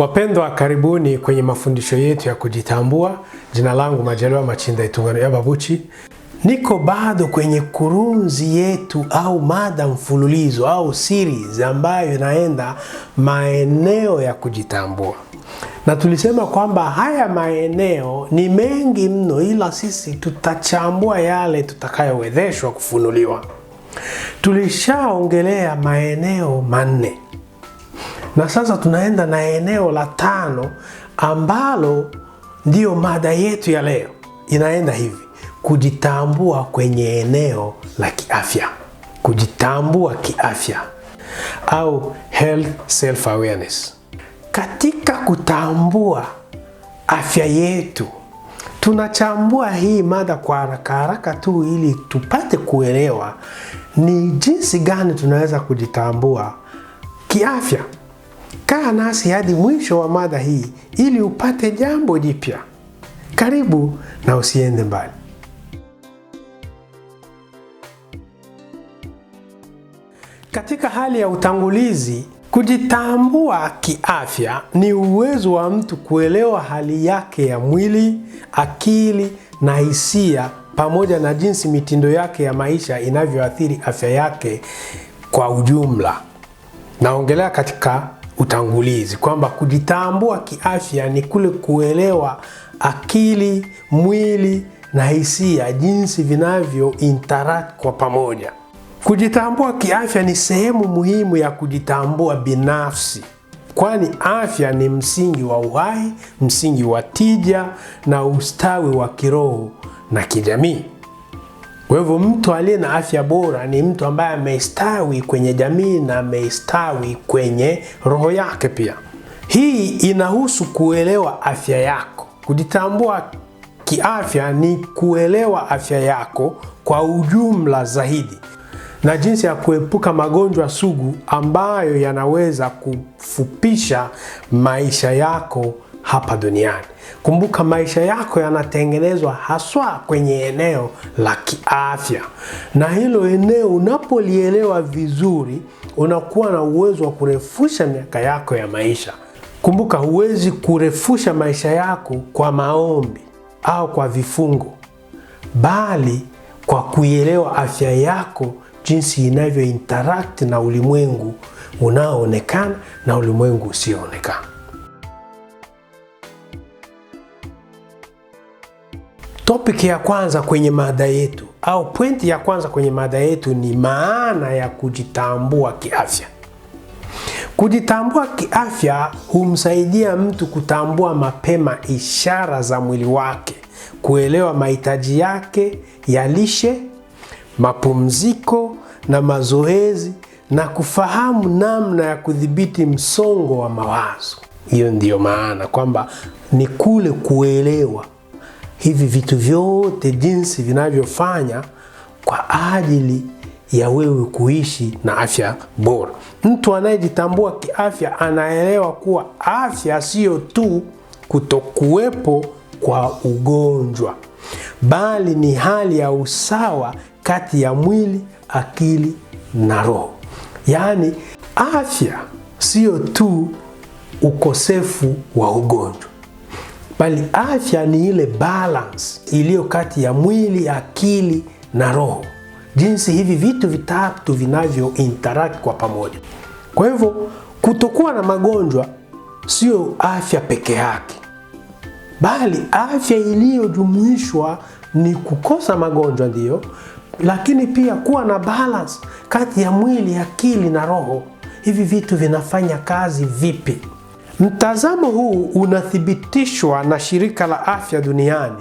Wapendwa, karibuni kwenye mafundisho yetu ya kujitambua. Jina langu Majaliwa Machinda Itungano ya Babuchi. Niko bado kwenye kurunzi yetu au mada mfululizo au series ambayo inaenda maeneo ya kujitambua, na tulisema kwamba haya maeneo ni mengi mno, ila sisi tutachambua yale tutakayowezeshwa kufunuliwa. Tulishaongelea maeneo manne na sasa tunaenda na eneo la tano ambalo ndiyo mada yetu ya leo. Inaenda hivi: kujitambua kwenye eneo la kiafya. Kujitambua kiafya au health self awareness. Katika kutambua afya yetu, tunachambua hii mada kwa haraka haraka tu ili tupate kuelewa ni jinsi gani tunaweza kujitambua kiafya. Kaa nasi hadi mwisho wa mada hii ili upate jambo jipya. Karibu na usiende mbali. Katika hali ya utangulizi, kujitambua kiafya ni uwezo wa mtu kuelewa hali yake ya mwili, akili na hisia pamoja na jinsi mitindo yake ya maisha inavyoathiri afya yake kwa ujumla. Naongelea katika utangulizi kwamba kujitambua kiafya ni kule kuelewa akili, mwili na hisia jinsi vinavyo interact kwa pamoja. Kujitambua kiafya ni sehemu muhimu ya kujitambua binafsi, kwani afya ni msingi wa uhai, msingi wa tija na ustawi wa kiroho na kijamii. Kwa hivyo mtu aliye na afya bora ni mtu ambaye ameistawi kwenye jamii na ameistawi kwenye roho yake pia. Hii inahusu kuelewa afya yako. Kujitambua kiafya ni kuelewa afya yako kwa ujumla zaidi na jinsi ya kuepuka magonjwa sugu ambayo yanaweza kufupisha maisha yako hapa duniani. Kumbuka maisha yako yanatengenezwa haswa kwenye eneo la kiafya, na hilo eneo unapolielewa vizuri, unakuwa na uwezo wa kurefusha miaka yako ya maisha. Kumbuka, huwezi kurefusha maisha yako kwa maombi au kwa vifungo, bali kwa kuielewa afya yako jinsi inavyo interact na ulimwengu unaoonekana na ulimwengu usioonekana. Topic ya kwanza kwenye mada yetu au pointi ya kwanza kwenye mada yetu ni maana ya kujitambua kiafya. Kujitambua kiafya humsaidia mtu kutambua mapema ishara za mwili wake, kuelewa mahitaji yake ya lishe, mapumziko na mazoezi na kufahamu namna ya kudhibiti msongo wa mawazo. Hiyo ndiyo maana kwamba ni kule kuelewa hivi vitu vyote jinsi vinavyofanya kwa ajili ya wewe kuishi na afya bora. Mtu anayejitambua kiafya anaelewa kuwa afya siyo tu kutokuwepo kwa ugonjwa, bali ni hali ya usawa kati ya mwili, akili na roho. Yaani afya siyo tu ukosefu wa ugonjwa bali afya ni ile balance iliyo kati ya mwili, akili na roho, jinsi hivi vitu vitatu vinavyo interact kwa pamoja. Kwa hivyo kutokuwa na magonjwa sio afya peke yake, bali afya iliyojumuishwa ni kukosa magonjwa ndiyo, lakini pia kuwa na balance kati ya mwili, akili na roho. Hivi vitu vinafanya kazi vipi? Mtazamo huu unathibitishwa na Shirika la Afya Duniani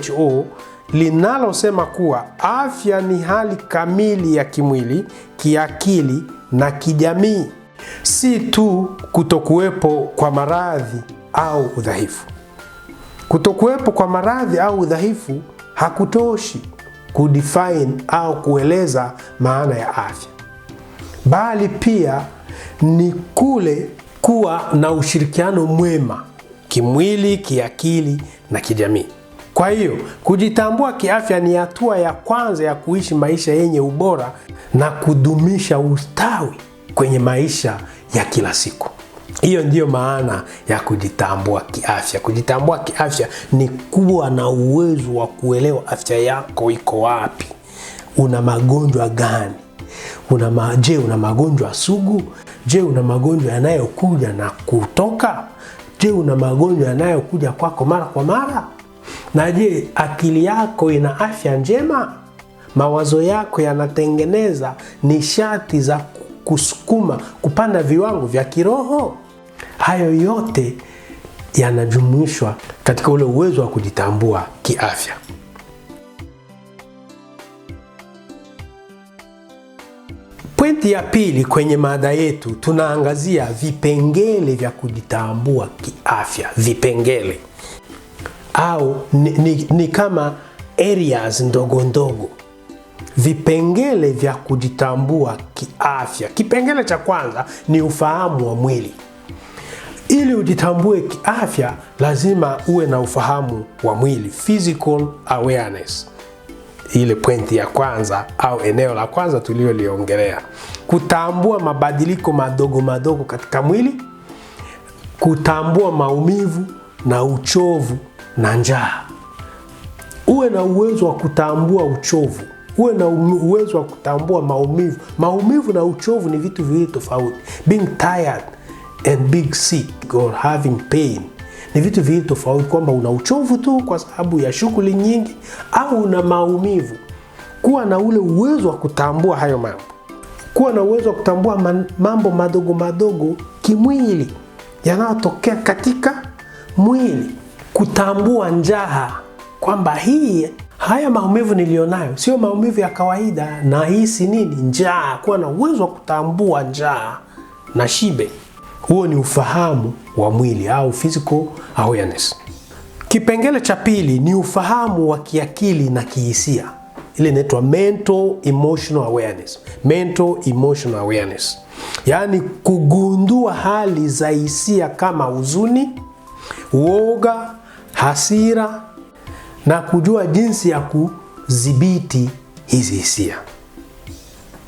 WHO linalosema kuwa afya ni hali kamili ya kimwili, kiakili na kijamii, si tu kutokuwepo kwa maradhi au udhaifu. Kutokuwepo kwa maradhi au udhaifu hakutoshi kudefine au kueleza maana ya afya, bali pia ni kule kuwa na ushirikiano mwema kimwili, kiakili na kijamii. Kwa hiyo kujitambua kiafya ni hatua ya kwanza ya kuishi maisha yenye ubora na kudumisha ustawi kwenye maisha ya kila siku. Hiyo ndiyo maana ya kujitambua kiafya. Kujitambua kiafya ni kuwa na uwezo wa kuelewa afya yako iko wapi, una magonjwa gani, una ma, je, una magonjwa sugu? Je, una magonjwa yanayokuja na kutoka? Je, una magonjwa yanayokuja kwako mara kwa mara? Na je, akili yako ina afya njema? Mawazo yako yanatengeneza nishati za kusukuma kupanda viwango vya kiroho? Hayo yote yanajumuishwa katika ule uwezo wa kujitambua kiafya. Pointi ya pili kwenye mada yetu tunaangazia vipengele vya kujitambua kiafya. Vipengele au ni, ni, ni kama areas ndogo ndogo, vipengele vya kujitambua kiafya. Kipengele cha kwanza ni ufahamu wa mwili. Ili ujitambue kiafya, lazima uwe na ufahamu wa mwili, physical awareness ile pointi ya kwanza au eneo la kwanza tulioliongelea kutambua mabadiliko madogo madogo katika mwili, kutambua maumivu na uchovu na njaa. Uwe na uwezo wa kutambua uchovu, uwe na uwezo wa kutambua maumivu. Maumivu na uchovu ni vitu viwili tofauti. Being tired and being sick or having pain ni vitu viwili tofauti, kwamba una uchovu tu kwa sababu ya shughuli nyingi au una maumivu. Kuwa na ule uwezo wa kutambua hayo mambo, kuwa na uwezo wa kutambua man, mambo madogo madogo kimwili yanayotokea katika mwili, kutambua njaa kwamba hii haya maumivu niliyonayo sio maumivu ya kawaida, na hisi nini njaa. Kuwa na uwezo wa kutambua njaa na shibe. Huo ni ufahamu wa mwili au physical awareness. Kipengele cha pili ni ufahamu wa kiakili na kihisia, ile inaitwa mental emotional awareness. Mental emotional awareness, yaani kugundua hali za hisia kama huzuni, uoga, hasira na kujua jinsi ya kudhibiti hizi hisia.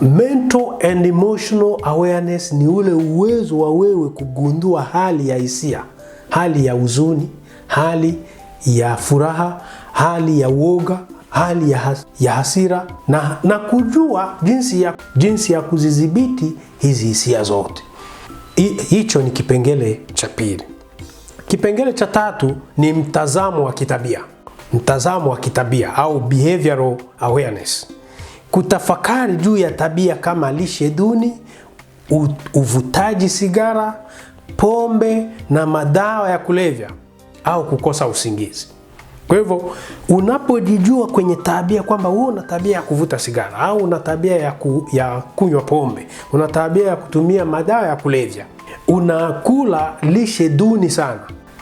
Mental and emotional awareness ni ule uwezo wa wewe kugundua hali ya hisia, hali ya huzuni, hali ya furaha, hali ya uoga, hali ya, has ya hasira na, na kujua jinsi ya, jinsi ya kuzidhibiti hizi hisia zote. Hicho ni kipengele cha pili. Kipengele cha tatu ni mtazamo wa kitabia, mtazamo wa kitabia au behavioral awareness kutafakari juu ya tabia kama lishe duni, uvutaji sigara, pombe na madawa ya kulevya au kukosa usingizi. Kwa hivyo unapojijua kwenye tabia kwamba wewe una tabia ya kuvuta sigara au una tabia ya, ku, ya kunywa pombe, una tabia ya kutumia madawa ya kulevya, unakula lishe duni sana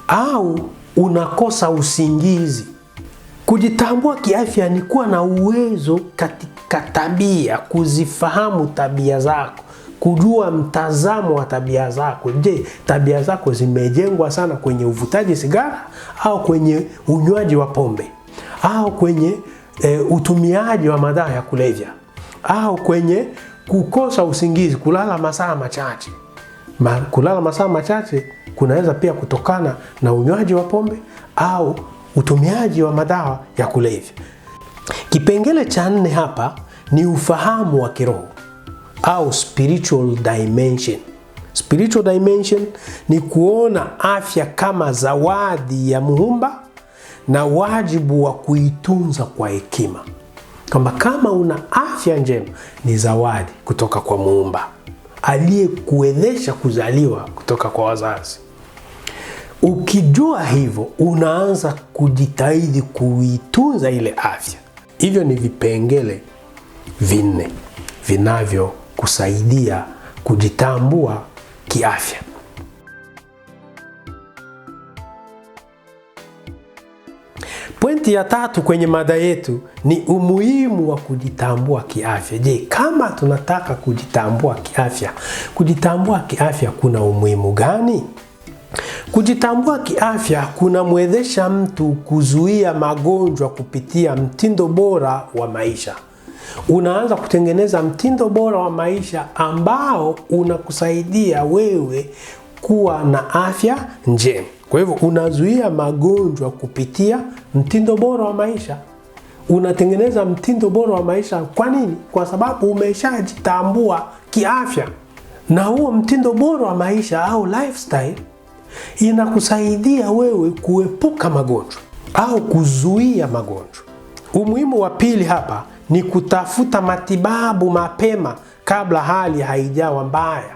au unakosa usingizi. Kujitambua kiafya ni kuwa na uwezo katika tabia kuzifahamu tabia zako, kujua mtazamo wa tabia zako. Je, tabia zako zimejengwa sana kwenye uvutaji sigara au kwenye unywaji wa pombe au kwenye e, utumiaji wa madawa ya kulevya au kwenye kukosa usingizi, kulala masaa machache. Ma, kulala masaa machache kunaweza pia kutokana na unywaji wa pombe au utumiaji wa madawa ya kulevya. Kipengele cha nne hapa ni ufahamu wa kiroho au spiritual dimension. Spiritual dimension ni kuona afya kama zawadi ya Muumba na wajibu wa kuitunza kwa hekima, kwamba kama una afya njema ni zawadi kutoka kwa Muumba aliyekuwezesha kuzaliwa kutoka kwa wazazi. Ukijua hivyo, unaanza kujitahidi kuitunza ile afya Hivyo ni vipengele vinne vinavyokusaidia kujitambua kiafya. Pointi ya tatu kwenye mada yetu ni umuhimu wa kujitambua kiafya. Je, kama tunataka kujitambua kiafya, kujitambua kiafya kuna umuhimu gani? Kujitambua kiafya kunamwezesha mtu kuzuia magonjwa kupitia mtindo bora wa maisha. Unaanza kutengeneza mtindo bora wa maisha ambao unakusaidia wewe kuwa na afya njema. Kwa hivyo unazuia magonjwa kupitia mtindo bora wa maisha. Unatengeneza mtindo bora wa maisha. Kwa nini? Kwa sababu umeshajitambua kiafya, na huo mtindo bora wa maisha au lifestyle inakusaidia wewe kuepuka magonjwa au kuzuia magonjwa. Umuhimu wa pili hapa ni kutafuta matibabu mapema kabla hali haijawa mbaya.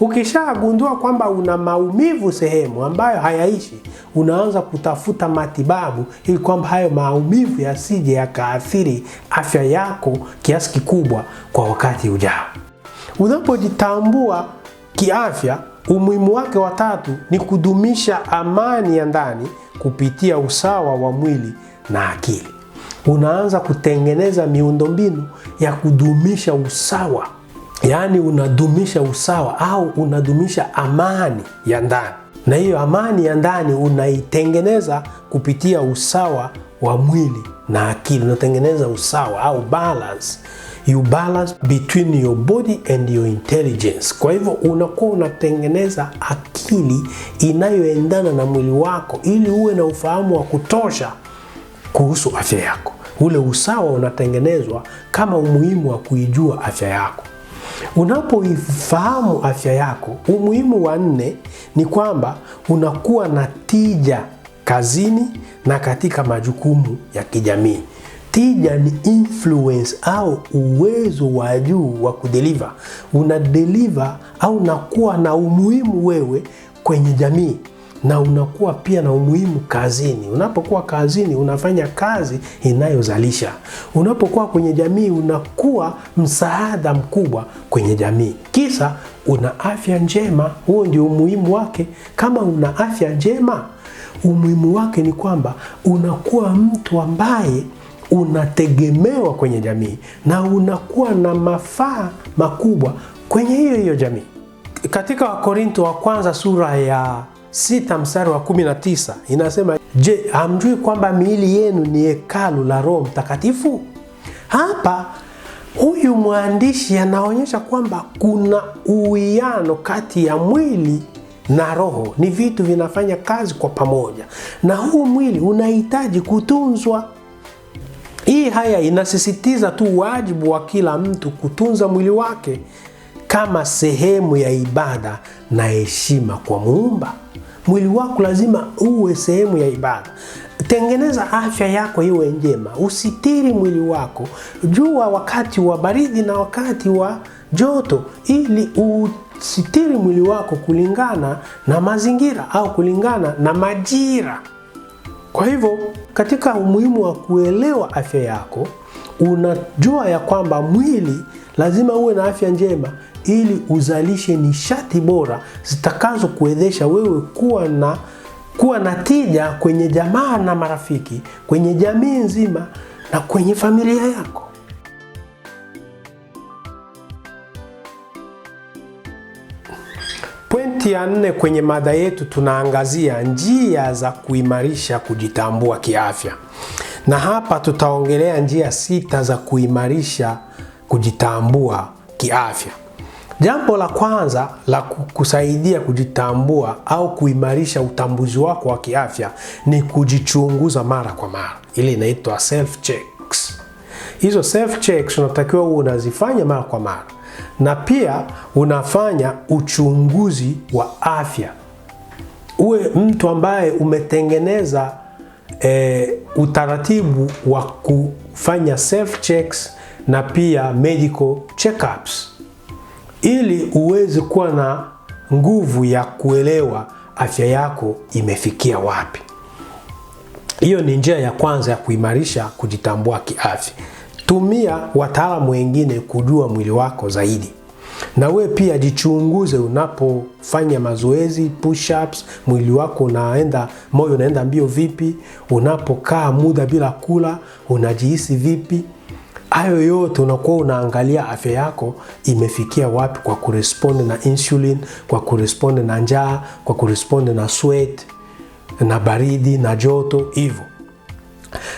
Ukishagundua kwamba una maumivu sehemu ambayo hayaishi, unaanza kutafuta matibabu ili kwamba hayo maumivu yasije yakaathiri afya yako kiasi kikubwa kwa wakati ujao. Unapojitambua kiafya Umuhimu wake wa tatu ni kudumisha amani ya ndani kupitia usawa wa mwili na akili. Unaanza kutengeneza miundombinu ya kudumisha usawa, yaani unadumisha usawa au unadumisha amani ya ndani, na hiyo amani ya ndani unaitengeneza kupitia usawa wa mwili na akili, unatengeneza usawa au balance you balance between your body and your intelligence. Kwa hivyo unakuwa unatengeneza akili inayoendana na mwili wako ili uwe na ufahamu wa kutosha kuhusu afya yako. Ule usawa unatengenezwa kama umuhimu wa kuijua afya yako. Unapoifahamu afya yako, umuhimu wa nne ni kwamba unakuwa na tija kazini na katika majukumu ya kijamii. Tija ni influence au uwezo wa juu wa kudeliver. Una deliver au unakuwa na umuhimu wewe kwenye jamii na unakuwa pia na umuhimu kazini. Unapokuwa kazini, unafanya kazi inayozalisha. Unapokuwa kwenye jamii, unakuwa msaada mkubwa kwenye jamii. Kisa una afya njema, huo ndio umuhimu wake. Kama una afya njema, umuhimu wake ni kwamba unakuwa mtu ambaye unategemewa kwenye jamii na unakuwa na mafaa makubwa kwenye hiyo hiyo jamii. Katika Wakorinto wa kwanza sura ya sita mstari wa 19 inasema, je, hamjui kwamba miili yenu ni hekalu la Roho Mtakatifu? Hapa huyu mwandishi anaonyesha kwamba kuna uwiano kati ya mwili na roho, ni vitu vinafanya kazi kwa pamoja, na huu mwili unahitaji kutunzwa hii haya inasisitiza tu wajibu wa kila mtu kutunza mwili wake kama sehemu ya ibada na heshima kwa Muumba. Mwili wako lazima uwe sehemu ya ibada. Tengeneza afya yako iwe njema, usitiri mwili wako jua wakati wa baridi na wakati wa joto, ili usitiri mwili wako kulingana na mazingira au kulingana na majira. Kwa hivyo katika umuhimu wa kuelewa afya yako, unajua ya kwamba mwili lazima uwe na afya njema ili uzalishe nishati bora zitakazo kuwezesha wewe kuwa na kuwa na tija kwenye jamaa na marafiki, kwenye jamii nzima na kwenye familia yako. Pointi ya nne kwenye mada yetu tunaangazia njia za kuimarisha kujitambua kiafya, na hapa tutaongelea njia sita za kuimarisha kujitambua kiafya. Jambo la kwanza la kusaidia kujitambua au kuimarisha utambuzi wako wa kiafya ni kujichunguza mara kwa mara, ile inaitwa self checks. Hizo self checks unatakiwa unazifanya mara kwa mara, na pia unafanya uchunguzi wa afya. Uwe mtu ambaye umetengeneza e, utaratibu wa kufanya self checks na pia medical checkups ili uweze kuwa na nguvu ya kuelewa afya yako imefikia wapi. Hiyo ni njia ya kwanza ya kuimarisha kujitambua kiafya. Tumia wataalamu wengine kujua mwili wako zaidi. Na we pia jichunguze, unapofanya mazoezi push ups, mwili wako unaenda, moyo unaenda mbio vipi? Unapokaa muda bila kula, unajihisi vipi? Hayo yote unakuwa unaangalia afya yako imefikia wapi, kwa kuresponde na insulin, kwa kurespond na njaa, kwa kurespond na sweat, na baridi na joto. Hivyo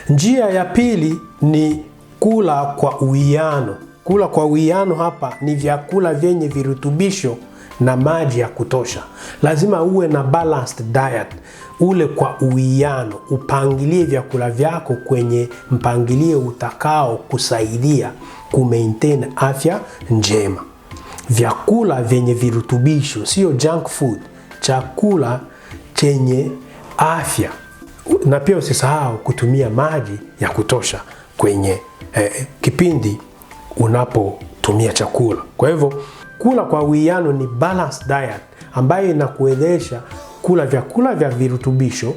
njia ya pili ni kula kwa uwiano. Kula kwa uwiano hapa ni vyakula vyenye virutubisho na maji ya kutosha. Lazima uwe na balanced diet, ule kwa uwiano, upangilie vyakula vyako kwenye mpangilio utakao kusaidia maintain afya njema. Vyakula vyenye virutubisho, sio junk food, chakula chenye afya. Na pia usisahau kutumia maji ya kutosha kwenye eh, kipindi unapotumia chakula. Kwa hivyo kula kwa uwiano ni balanced diet ambayo inakuwezesha kula vyakula vya virutubisho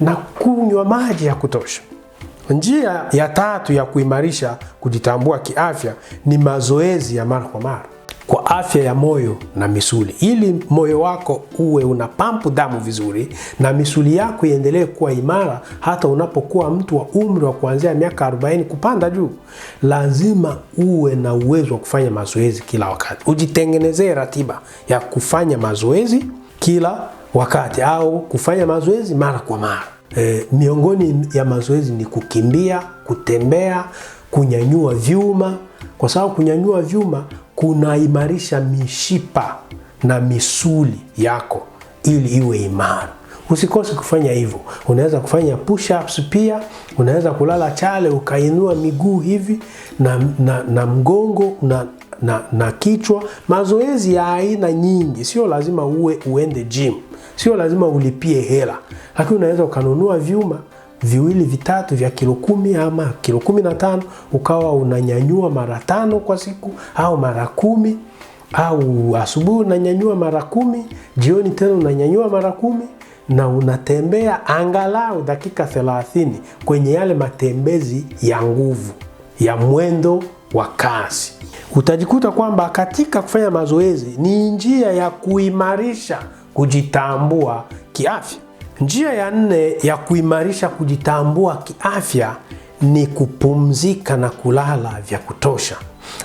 na kunywa maji ya kutosha. Njia ya tatu ya kuimarisha kujitambua kiafya ni mazoezi ya mara kwa mara kwa afya ya moyo na misuli, ili moyo wako uwe una pampu damu vizuri na misuli yako iendelee kuwa imara. Hata unapokuwa mtu wa umri wa kuanzia miaka 40 kupanda juu, lazima uwe na uwezo wa kufanya mazoezi kila wakati. Ujitengenezee ratiba ya kufanya mazoezi kila wakati au kufanya mazoezi mara kwa mara. E, miongoni ya mazoezi ni kukimbia, kutembea, kunyanyua vyuma, kwa sababu kunyanyua vyuma kunaimarisha mishipa na misuli yako ili iwe imara. Usikose kufanya hivyo. Unaweza kufanya push ups pia, unaweza kulala chale ukainua miguu hivi na, na, na mgongo na, na, na kichwa. Mazoezi ya aina nyingi, sio lazima uwe uende gym, sio lazima ulipie hela, lakini unaweza ukanunua vyuma viwili vitatu vya kilo kumi ama kilo kumi na tano ukawa unanyanyua mara tano kwa siku au mara kumi au asubuhi unanyanyua mara kumi, jioni tena unanyanyua mara kumi na unatembea angalau dakika thelathini kwenye yale matembezi ya nguvu ya mwendo wa kasi. Utajikuta kwamba katika kufanya mazoezi ni njia ya kuimarisha kujitambua kiafya. Njia ya nne ya kuimarisha kujitambua kiafya ni kupumzika na kulala vya kutosha.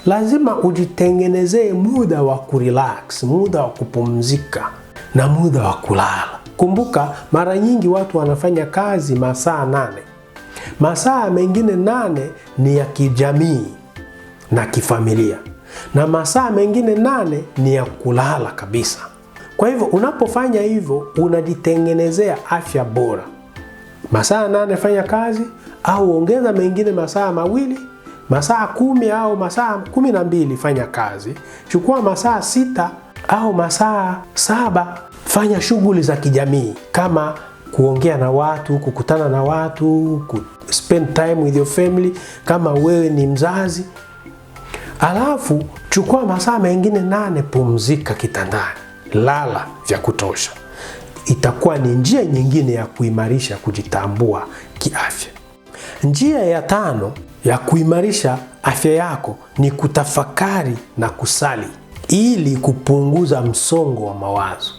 Lazima ujitengenezee muda wa kurelax, muda wa kupumzika na muda wa kulala. Kumbuka, mara nyingi watu wanafanya kazi masaa nane. Masaa mengine nane ni ya kijamii na kifamilia, na masaa mengine nane ni ya kulala kabisa. Kwa hivyo unapofanya hivyo unajitengenezea afya bora. Masaa nane fanya kazi au ongeza mengine masaa mawili, masaa kumi au masaa kumi na mbili fanya kazi. Chukua masaa sita au masaa saba fanya shughuli za kijamii kama kuongea na watu, kukutana na watu, ku spend time with your family kama wewe ni mzazi. Alafu chukua masaa mengine nane pumzika kitandani lala vya kutosha. Itakuwa ni njia nyingine ya kuimarisha kujitambua kiafya. Njia ya tano ya kuimarisha afya yako ni kutafakari na kusali ili kupunguza msongo wa mawazo.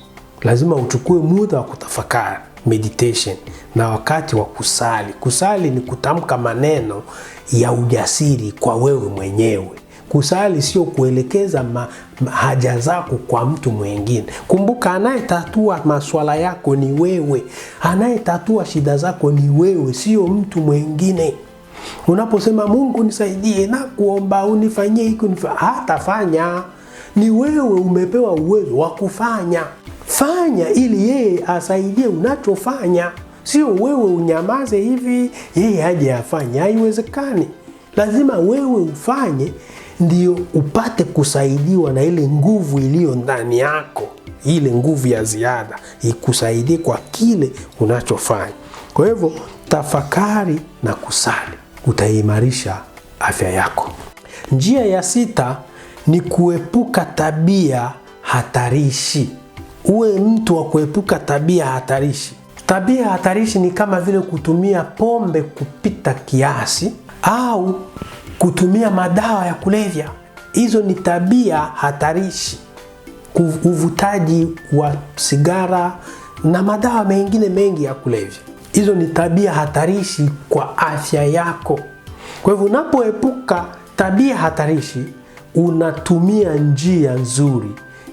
Lazima uchukue muda wa kutafakari meditation na wakati wa kusali. Kusali ni kutamka maneno ya ujasiri kwa wewe mwenyewe. Kusali sio kuelekeza ma, ma, haja zako kwa mtu mwingine. Kumbuka, anayetatua maswala yako ni wewe, anayetatua shida zako ni wewe, sio mtu mwingine. Unaposema Mungu nisaidie na kuomba unifanyie hiki, hatafanya ni wewe. Umepewa uwezo wa kufanya, fanya ili yeye asaidie unachofanya, sio wewe unyamaze hivi yeye aje afanye. Haiwezekani, lazima wewe ufanye ndio upate kusaidiwa na ile nguvu iliyo ndani yako, ile nguvu ya ziada ikusaidie kwa kile unachofanya. Kwa hivyo tafakari na kusali utaimarisha afya yako. Njia ya sita ni kuepuka tabia hatarishi. Uwe mtu wa kuepuka tabia hatarishi. Tabia hatarishi ni kama vile kutumia pombe kupita kiasi au kutumia madawa ya kulevya. Hizo ni tabia hatarishi. Uvutaji wa sigara na madawa mengine mengi ya kulevya, hizo ni tabia hatarishi kwa afya yako. Kwa hivyo unapoepuka tabia hatarishi, unatumia njia nzuri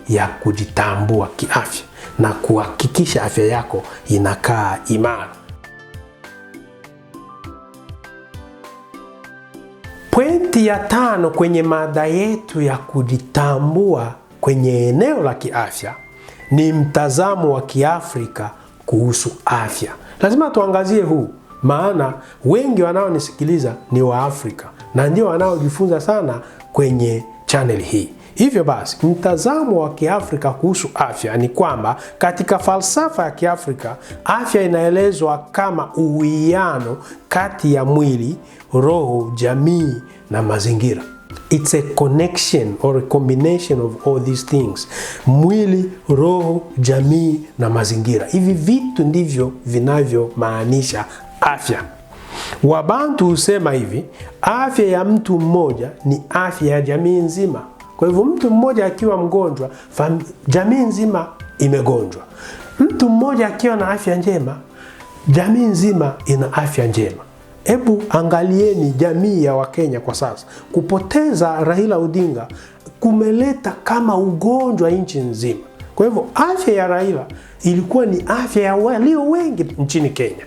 ya kujitambua kiafya na kuhakikisha afya yako inakaa imara. Pointi ya tano kwenye mada yetu ya kujitambua kwenye eneo la kiafya ni mtazamo wa Kiafrika kuhusu afya. Lazima tuangazie huu, maana wengi wanaonisikiliza ni Waafrika na ndio wanaojifunza sana kwenye chaneli hii. Hivyo basi, mtazamo wa Kiafrika kuhusu afya ni kwamba katika falsafa ya Kiafrika, afya inaelezwa kama uwiano kati ya mwili, roho, jamii na mazingira. It's a connection or a combination of all these things: mwili, roho, jamii na mazingira. Hivi vitu ndivyo vinavyomaanisha afya. Wabantu husema hivi, afya ya mtu mmoja ni afya ya jamii nzima. Kwa hivyo mtu mmoja akiwa mgonjwa, jamii nzima imegonjwa. Mtu mmoja akiwa na afya njema, jamii nzima ina afya njema. Hebu angalieni jamii ya Wakenya kwa sasa. Kupoteza Raila Odinga kumeleta kama ugonjwa nchi nzima. Kwa hivyo afya ya Raila ilikuwa ni afya ya walio wengi nchini Kenya.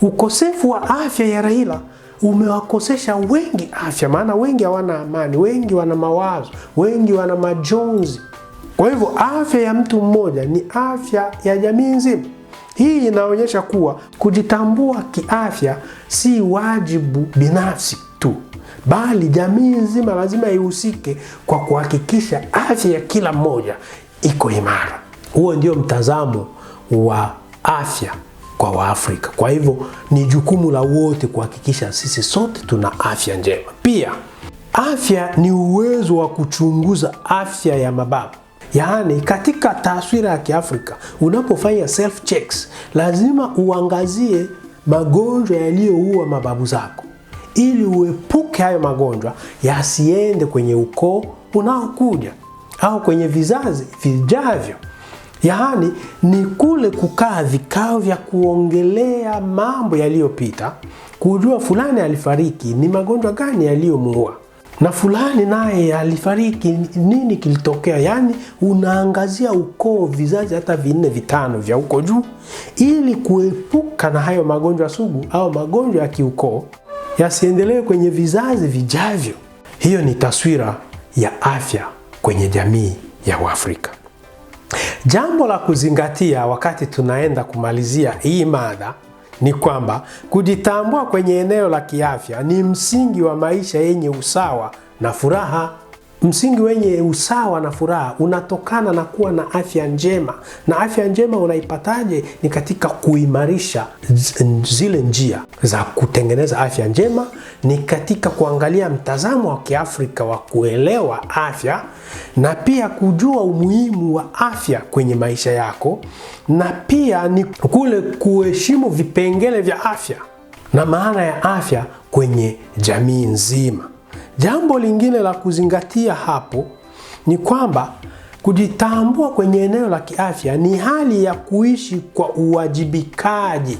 Ukosefu wa afya ya Raila umewakosesha wengi afya, maana wengi hawana amani, wengi wana mawazo, wengi wana majonzi. Kwa hivyo afya ya mtu mmoja ni afya ya jamii nzima. Hii inaonyesha kuwa kujitambua kiafya si wajibu binafsi tu, bali jamii nzima lazima ihusike kwa kuhakikisha afya ya kila mmoja iko imara. Huo ndio mtazamo wa afya kwa Waafrika. Kwa hivyo ni jukumu la wote kuhakikisha sisi sote tuna afya njema. Pia afya ni uwezo wa kuchunguza afya ya mababu Yaani, katika taswira ya Kiafrika, unapofanya self checks, lazima uangazie magonjwa yaliyoua mababu zako ili uepuke hayo magonjwa yasiende kwenye ukoo unaokuja au kwenye vizazi vijavyo. Yaani ni kule kukaa vikao vya kuongelea mambo yaliyopita, kujua fulani alifariki, ni magonjwa gani yaliyomuua, na fulani naye alifariki, nini kilitokea? Yaani unaangazia ukoo, vizazi hata vinne vitano vya huko juu, ili kuepuka na hayo magonjwa sugu au magonjwa ya kiukoo yasiendelee kwenye vizazi vijavyo. Hiyo ni taswira ya afya kwenye jamii ya Uafrika. Jambo la kuzingatia wakati tunaenda kumalizia hii mada ni kwamba kujitambua kwenye eneo la kiafya ni msingi wa maisha yenye usawa na furaha. Msingi wenye usawa na furaha unatokana na kuwa na afya njema, na afya njema unaipataje? Ni katika kuimarisha zile njia za kutengeneza afya njema ni katika kuangalia mtazamo wa Kiafrika wa kuelewa afya na pia kujua umuhimu wa afya kwenye maisha yako, na pia ni kule kuheshimu vipengele vya afya na maana ya afya kwenye jamii nzima. Jambo lingine la kuzingatia hapo ni kwamba kujitambua kwenye eneo la kiafya ni hali ya kuishi kwa uwajibikaji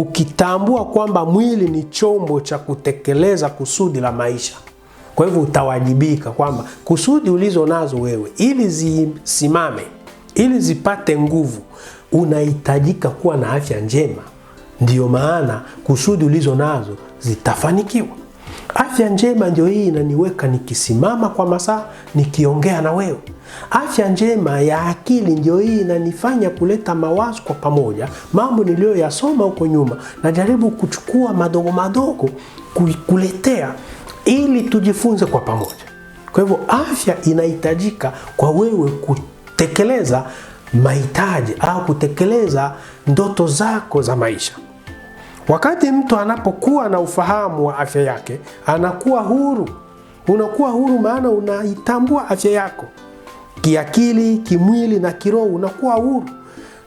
ukitambua kwamba mwili ni chombo cha kutekeleza kusudi la maisha. Kwa hivyo utawajibika kwamba kusudi ulizo nazo wewe, ili zisimame, ili zipate nguvu, unahitajika kuwa na afya njema. Ndiyo maana kusudi ulizo nazo zitafanikiwa. Afya njema ndio hii inaniweka nikisimama kwa masaa nikiongea na wewe. Afya njema ya akili ndio hii inanifanya kuleta mawazo kwa pamoja, mambo niliyoyasoma huko nyuma najaribu kuchukua madogo madogo kuletea, ili tujifunze kwa pamoja. Kwa hivyo afya inahitajika kwa wewe kutekeleza mahitaji au kutekeleza ndoto zako za maisha. Wakati mtu anapokuwa na ufahamu wa afya yake, anakuwa huru. Unakuwa huru maana unaitambua afya yako kiakili, kimwili na kiroho, unakuwa huru,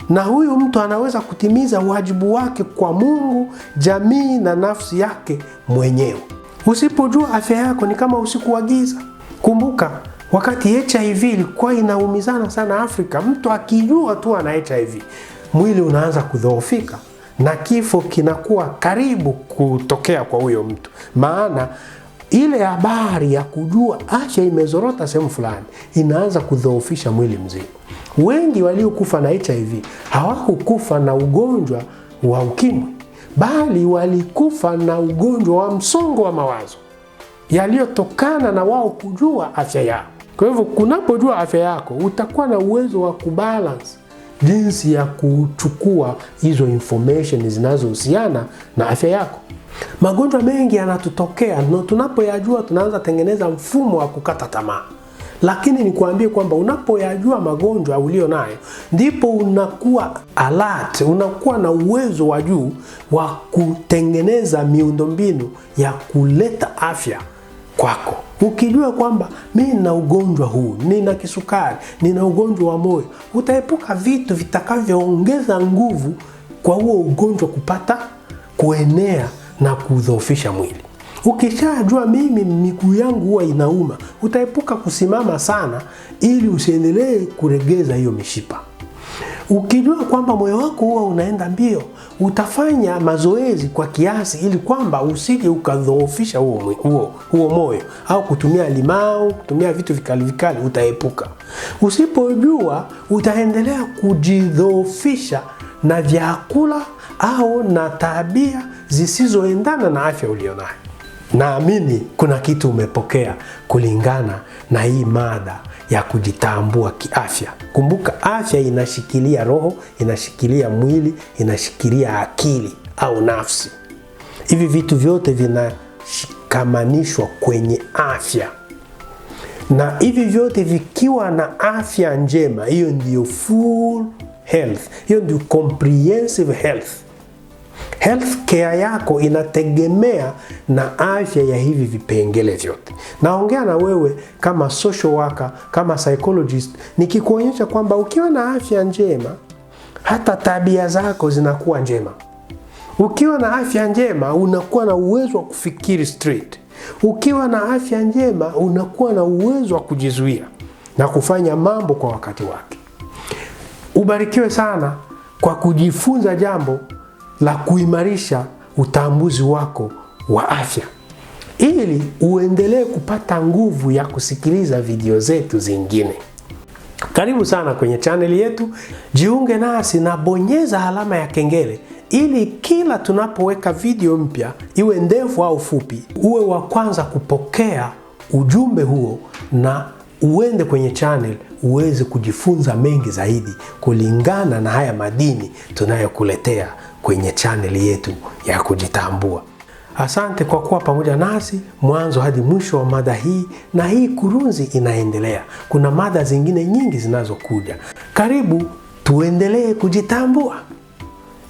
na huyu mtu anaweza kutimiza wajibu wake kwa Mungu, jamii na nafsi yake mwenyewe. Usipojua afya yako ni kama usiku wa giza. Kumbuka wakati HIV ilikuwa inaumizana sana Afrika, mtu akijua tu ana HIV mwili unaanza kudhoofika na kifo kinakuwa karibu kutokea kwa huyo mtu, maana ile habari ya kujua afya imezorota sehemu fulani inaanza kudhoofisha mwili mzima. Wengi waliokufa na HIV hawakukufa na ugonjwa wa ukimwi, bali walikufa na ugonjwa wa msongo wa mawazo yaliyotokana na wao kujua afya yao. Kwa hivyo kunapojua afya yako utakuwa na uwezo wa kubalance jinsi ya kuchukua hizo information zinazohusiana na afya yako. Magonjwa mengi yanatutokea na tunapoyajua tunaanza tengeneza mfumo wa kukata tamaa, lakini nikuambie kwamba unapoyajua magonjwa ulio nayo, ndipo unakuwa alert, unakuwa na uwezo wa juu wa kutengeneza miundombinu ya kuleta afya kwako. Ukijua kwamba mi nina ugonjwa huu, nina kisukari, nina ugonjwa wa moyo, utaepuka vitu vitakavyoongeza nguvu kwa huo ugonjwa kupata kuenea na kudhoofisha mwili. Ukishajua mimi miguu yangu huwa inauma, utaepuka kusimama sana, ili usiendelee kuregeza hiyo mishipa. Ukijua kwamba moyo wako huwa unaenda mbio, utafanya mazoezi kwa kiasi, ili kwamba usije ukadhoofisha huo, huo, huo moyo, au kutumia limau, kutumia vitu vikali vikali, utaepuka. Usipojua utaendelea kujidhoofisha na vyakula au na tabia zisizoendana na afya ulionayo. Naamini kuna kitu umepokea kulingana na hii mada ya kujitambua kiafya. Kumbuka, afya inashikilia roho, inashikilia mwili, inashikilia akili au nafsi. Hivi vitu vyote vinashikamanishwa kwenye afya, na hivi vyote vikiwa na afya njema, hiyo ndiyo full health, hiyo ndiyo comprehensive health. Healthcare yako inategemea na afya ya hivi vipengele vyote. Naongea na wewe kama social worker, kama psychologist, nikikuonyesha kwamba ukiwa na afya njema hata tabia zako zinakuwa njema. Ukiwa na afya njema unakuwa na uwezo wa kufikiri straight. Ukiwa na afya njema unakuwa na uwezo wa kujizuia na kufanya mambo kwa wakati wake. Ubarikiwe sana kwa kujifunza jambo la kuimarisha utambuzi wako wa afya ili uendelee kupata nguvu ya kusikiliza video zetu zingine. Karibu sana kwenye chaneli yetu, jiunge nasi na bonyeza alama ya kengele ili kila tunapoweka video mpya, iwe ndefu au fupi, uwe wa kwanza kupokea ujumbe huo na uende kwenye channel uweze kujifunza mengi zaidi kulingana na haya madini tunayokuletea kwenye chaneli yetu ya Kujitambua. Asante kwa kuwa pamoja nasi mwanzo hadi mwisho wa mada hii, na hii kurunzi inaendelea. Kuna mada zingine nyingi zinazokuja. Karibu tuendelee kujitambua.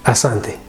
Asante.